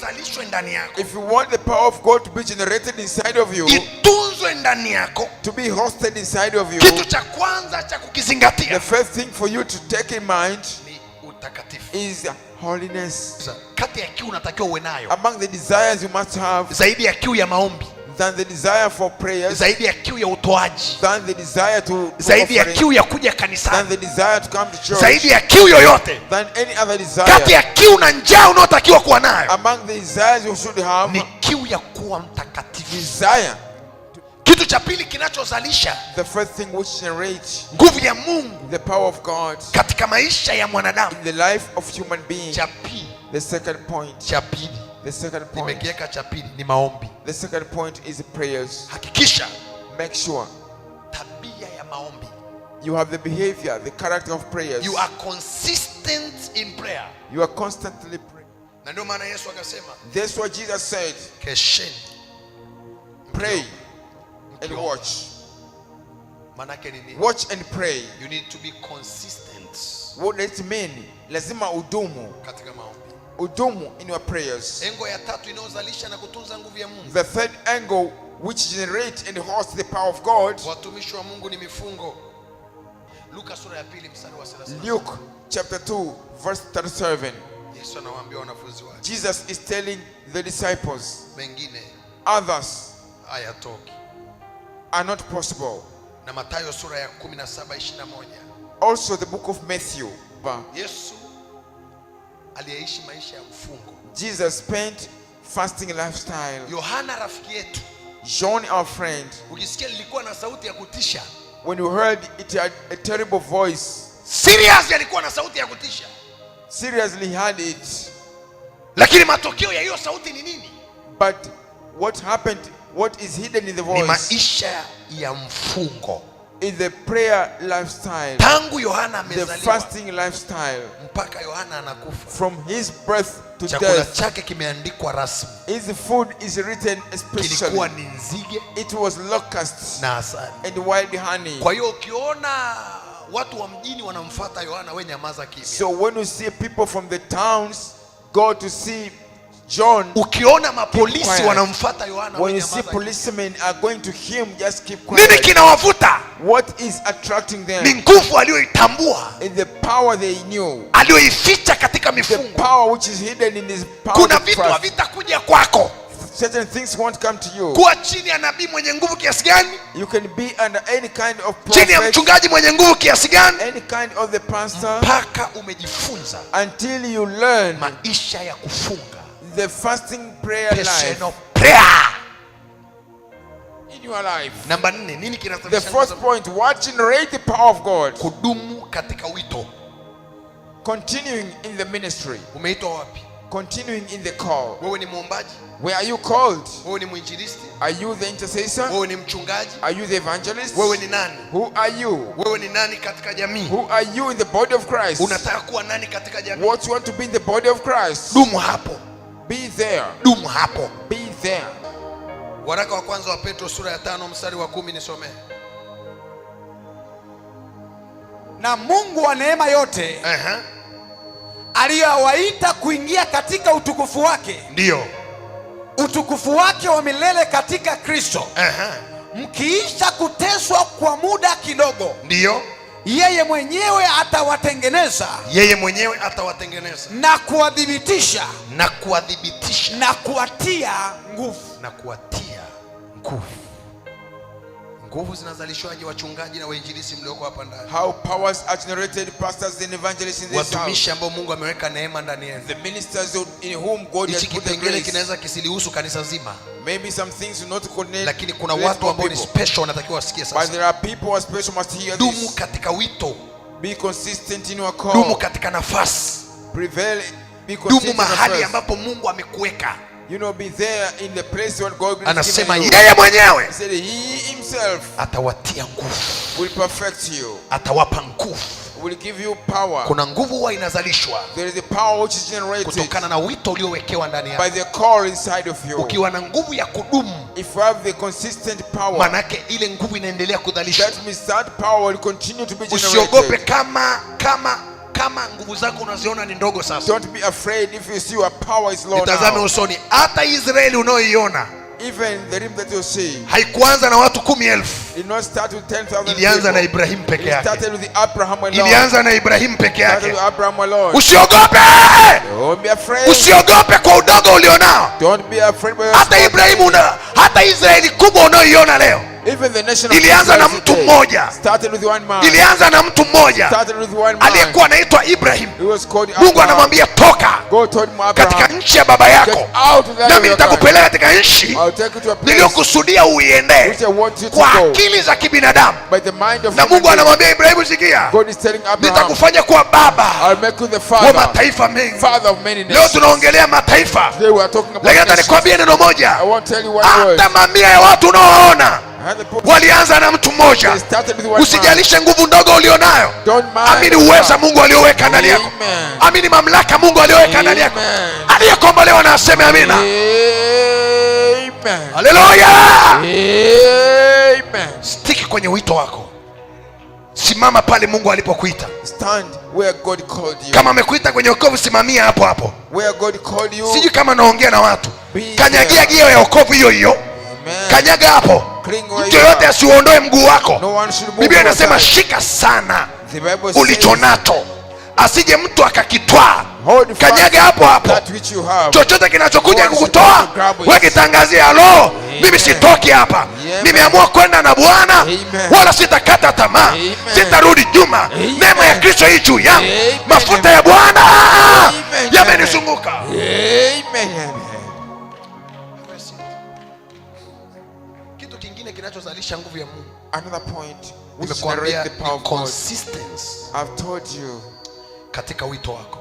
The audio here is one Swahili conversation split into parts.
izalishwe ndani yako. If you want the power of God to be generated inside of you, itunzwe ndani yako. To be hosted inside of you. Kitu cha kwanza cha kukizingatia. The first thing for you to take in mind ni utakatifu. Is holiness. Kati ya kiu unatakiwa uwe nayo. Among the desires you must have. Zaidi ya kiu ya maombi than the desire for prayers, zaidi ya kiu ya utoaji, than the desire to zaidi ya kiu ya kuja kanisani, than the desire to come to church, zaidi ya kiu yoyote, than any other desire, kati ya kiu na njaa unaotakiwa kuwa nayo, among the desires you should have, ni kiu ya kuwa mtakatifu, desire kitu cha pili kinachozalisha the first thing which generates nguvu ya Mungu the power of God katika maisha ya mwanadamu in the life of human being. Cha pili, the second point, cha pili, the second point nimekiweka cha pili ni maombi. The second point is prayers. Hakikisha. Make sure. Tabia ya maombi. You have the behavior, the character of prayers. You are consistent in prayer. You are constantly praying. That's what Jesus said. Kesheni. Pray and watch. Watch and pray. You need to be consistent. What does it mean? Lazima udumu katika maombi udumu in your prayers. ya tatu na kutunza nguvu ya Mungu. The third angle which generates and holds the power of God. Watumishi wa Mungu ni mifungo. Luka sura ya pili mstari wa 37. Luke chapter 2 verse 37. Yesu anawaambia wanafunzi wake. Jesus is telling the disciples. Mengine. Others. Hayatoki. Are not possible. Na Mathayo sura ya 17:21. Also the book of Matthew. Yesu aliyeishi maisha ya mfungo. Jesus spent fasting lifestyle. Yohana rafiki yetu. John our friend. Ukisikia lilikuwa na sauti ya kutisha. When you heard it had a terrible voice. Seriously alikuwa na sauti ya kutisha. Seriously had it. Lakini matokeo ya hiyo sauti ni nini? But what happened? What is hidden in the voice? Ni maisha ya mfungo is the prayer lifestyle. Tangu Yohana amezaliwa. The fasting lifestyle. Mpaka Yohana anakufa. From his birth to death. chake kimeandikwa rasmi. His food is written especially. Kilikuwa ni nzige. It was locusts. Na asali. And wild honey. Kwa hiyo ukiona watu wa mjini wanamfuata Yohana, wewe nyamaza kimya. So when you see people from the towns go to see John, ukiona mapolisi wanamfuata Yohana, when you see policemen are going to him, just keep quiet. Nini kinawavuta? What is attracting them? Ni nguvu aliyoitambua, in the power they knew, aliyoificha katika mifungo, the power which is hidden in his power. Kuna vitu havitakuja kwako certain things won't come to you. Kuwa chini ya nabii mwenye nguvu kiasi gani? You can be under any kind of prophet. Chini ya mchungaji mwenye nguvu kiasi gani? Any kind of the pastor. Mpaka umejifunza. Until you learn. Maisha ya kufunga the fasting prayer life. Of prayer in your life. Number nine, nini The first point, what generate the power of God? Kudumu katika wito. Continuing in the ministry. Umeito wapi? Continuing in the call. Wewe ni muombaji? Where are you called? Wewe ni mwinjilisti? Are you the intercessor? Wewe ni mchungaji? Are you the evangelist? Wewe ni nani? Who are you? Wewe ni nani katika jamii? Who are you in the body of Christ? Unataka kuwa nani katika jamii? What you want to be in the body of Christ? Dumu hapo. Be there. Dumu hapo. Be there. Waraka wa kwanza wa Petro sura ya tano mstari wa kumi nisomee. Na Mungu wa neema yote uh -huh. aliyowaita kuingia katika utukufu wake, ndio utukufu wake wa milele katika Kristo uh -huh. mkiisha kuteswa kwa muda kidogo, ndio yeye mwenyewe atawatengeneza, yeye mwenyewe atawatengeneza na kuwadhibitisha, na kuwadhibitisha, na kuwatia nguvu, na kuwatia nguvu. Nguvu zinazalishwaje wachungaji na wainjilisti mlioko hapa ndani? How powers are generated pastors and evangelists in this house. Watumishi ambao Mungu ameweka neema ndani yenu. The ministers in whom God has put the grace. kinaweza kisilihusu kanisa zima. Maybe some things will not connect. Lakini kuna watu ambao ni special wanatakiwa wasikie sasa. But there are people who are special must hear this. Dumu katika wito. Be consistent in your call. Dumu katika nafasi. Prevail. Be consistent. Dumu mahali ambapo Mungu amekuweka anasema yeye mwenyewe atawatia nguvu, atawapa nguvu will give you power. Kuna nguvu huwa inazalishwa kutokana na wito uliowekewa ndani yako. Ukiwa na nguvu ya kudumu, manake ile nguvu inaendelea kudhalishwa. Usiogope kama kama kama nguvu zako unaziona ni ndogo sasa. Don't be afraid if you see your power is low. Nitazame usoni hata Israeli unaoiona Even the rim that you see, haikuanza na watu kumi elfu ilianza na Ibrahimu peke yake, ilianza na Ibrahimu peke yake. Usiogope, usiogope kwa udogo ulionao. Hata una hata Israeli kubwa unaoiona leo ilianza na mtu mmoja, ilianza na mtu mmoja aliyekuwa anaitwa Ibrahim. Mungu anamwambia toka katika nchi ya baba yako, nami nitakupeleka katika nchi niliyokusudia uiende, kwa akili za kibinadamu. Na Mungu anamwambia Ibrahimu, sikia, nitakufanya kuwa baba wa mataifa mengi. Leo tunaongelea mataifa, lakini atanikwambia neno moja, hata mamia ya watu unaoona Walianza na mtu mmoja. Usijalishe nguvu ndogo ulionayo, amini uweza Mungu alioweka ndani yako, amini mamlaka Mungu alioweka ndani yako. Aliyekombolewa na aseme amina. Haleluya! Stiki kwenye wito wako. Simama pale Mungu alipokuita. Stand where God called you. Kama amekuita kwenye wokovu, simamia hapo hapo. Where God called you. Sijui kama naongea na watu. Kanyagia gia ya wokovu hiyo hiyo, kanyaga hapo mtu yoyote asiuondoe mguu wako. Biblia inasema shika sana ulichonacho asije mtu akakitwaa. Kanyaga hapo hapo, chochote kinachokuja kukutoa wakitangazia, lo, mimi sitoki hapa, nimeamua kwenda na Bwana, wala sitakata tamaa, sitarudi nyuma. Neema ya Kristo hii juu yangu, mafuta ya Bwana yamenizunguka. Amen. kinachozalisha nguvu ya Mungu. Another point which generates the power of Consistency. I've told you katika wito wako.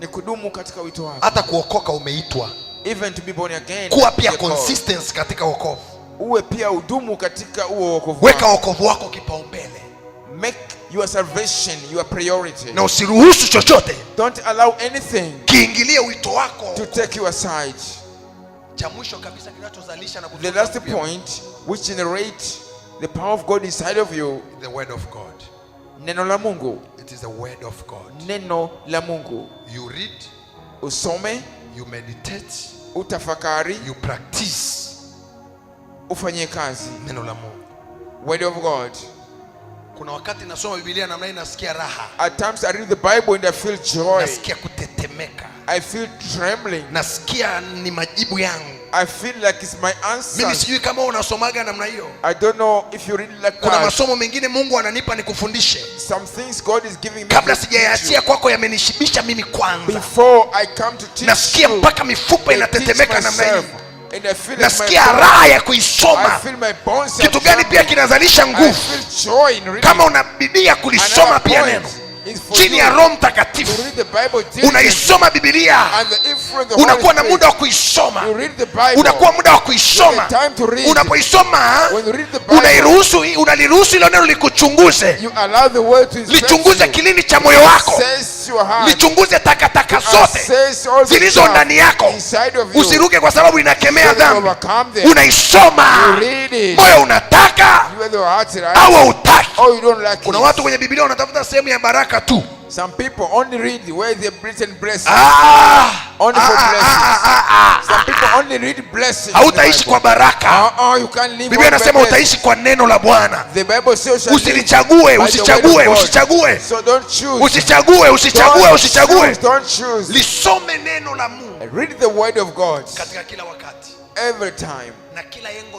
Ni kudumu katika wito wako. Hata kuokoka umeitwa. Even to be born again. Kuwa pia consistency katika wokovu. Uwe pia udumu katika uo wokovu. Weka wokovu wako kipaumbele. Make your salvation your priority. Na usiruhusu chochote. Don't allow anything. Kiingilie wito wako. To take you aside the last point which generates the power of God inside of you the word of God neno la Mungu it is the word of God neno la Mungu you read usome you meditate utafakari you practice ufanye kazi neno la Mungu word of God kuna wakati nasoma Biblia namna hii nasikia raha. At times I read the Bible and I feel joy. Nasikia kutetemeka. I feel trembling. Nasikia ni majibu yangu. I feel like it's my answer. Mimi sijui kama unasomaga namna hiyo. I don't know if you really like Kuna masomo mengine Mungu ananipa nikufundishe. Some things God is giving me. Kabla sijayaachia kwako yamenishibisha mimi kwanza. Before I come to teach. Nasikia mpaka mifupa inatetemeka namna hiyo nasikia raha ya kuisoma. Kitu gani pia kinazalisha nguvu? Kama una kulisoma pia neno chini ya Roho Mtakatifu unaisoma Bibilia, unakuwa na muda wa kuisoma, unakuwa muda wa kuisoma. Unapoisoma unairuhusu, unaliruhusu ilo neno likuchunguze, lichunguze kilini cha moyo wako lichunguze takataka zote zilizo ndani yako, usiruke kwa sababu inakemea dhambi. Unaisoma, moyo unataka au hautaki. Oh, Kuna watu kwenye bibilia wanatafuta sehemu ya baraka tu Some people only read where the written blessings. Ah! Only for ah, ah, ah, blessings. Ah, ah, ah, ah, Some people only read blessings. Hautaishi kwa baraka. Uh, uh, you can't live Biblia inasema utaishi kwa neno la Bwana. The Bible says usilichague, usichague, usichague. So don't choose. Usichague, usichague, usichague. Don't choose. Lisome neno la Mungu. Read the word of God. Katika kila wakati every time na kila engo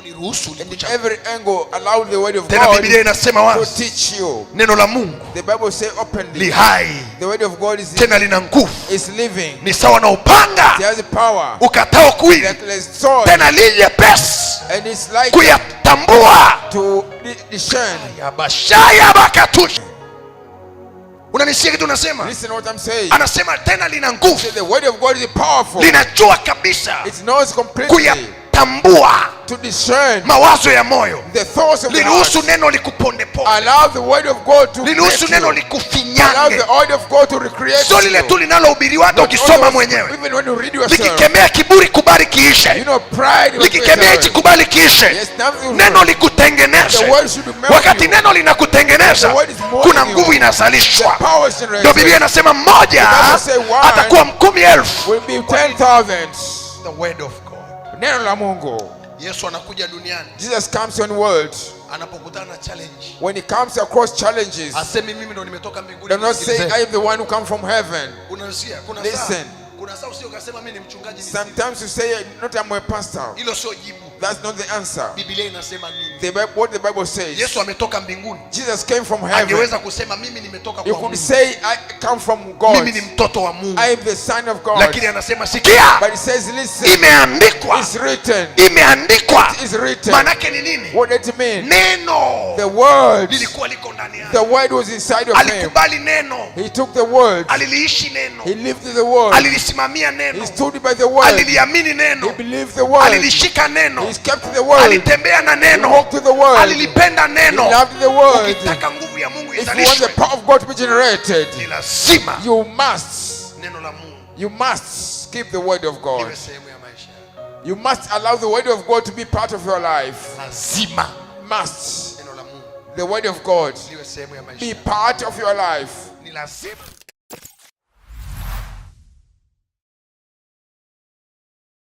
every angle allow the word of tena God Biblia inasema wazi to teach you neno la Mungu the Bible say openly li hai the word of God is tena lina nguvu is living ni sawa na upanga it has power ukatao kuwili tena lije pesi and it's like kuyatambua to discern Unanisikia kitu unasema? what I'm saying. Anasema tena lina nguvu. The word of God is powerful. Linajua kabisa. Kuyatambua to discern mawazo ya moyo. Liruhusu neno likupondeponde, neno likufinyangeso lile tu linalohubiriwa, hata ukisoma mwenyewe. Likikemea kiburi, kubali kiishe. Likikemea hichi, kubali kiishe. Neno likutengeneze. Wakati neno linakutengeneza, kuna nguvu inazalishwa. Ndio Biblia inasema mmoja atakuwa mkumi elfu. Neno la Mungu Yesu anakuja duniani. Jesus comes on world. Anapokutana na challenge. When he comes across challenges. Asemi mimi ndo nimetoka mbinguni. not saying I am the one who come from heaven. Unasikia? Kuna Listen. Kuna saa usio kasema mimi ni mchungaji. Sometimes you say not I'm a pastor. Hilo sio jibu. That's not the answer. Biblia inasema nini? The Bible, what the Bible says. Yesu ametoka mbinguni. Jesus came from heaven. Angeweza kusema mimi nimetoka kwa Mungu. You could say I come from God. Mimi ni mtoto wa Mungu. I am the son of God. Lakini anasema sikia. But he says listen. Imeandikwa. It's written. Imeandikwa. It is written. Maana yake ni nini? What does it mean? Neno. The word. Lilikuwa liko ndani yake. The word was inside of him. Alikubali neno. He took the word. Aliliishi neno. He lived the word. Alilisimamia neno. He stood by the word. Aliliamini neno. He believed the word. Alilishika neno. He kept the word. Alitembea na neno to the word. Alilipenda neno. He loved the word. Ukitaka nguvu ya Mungu If you want the power of God to be generated, ni lazima you must neno la Mungu. You must keep the word of God. Iwe sehemu ya maisha yako. You must allow the word of God to be part of your life. Lazima. Must. Neno la Mungu. The word of God. Liwe sehemu ya maisha. Be part of your life. Ni lazima.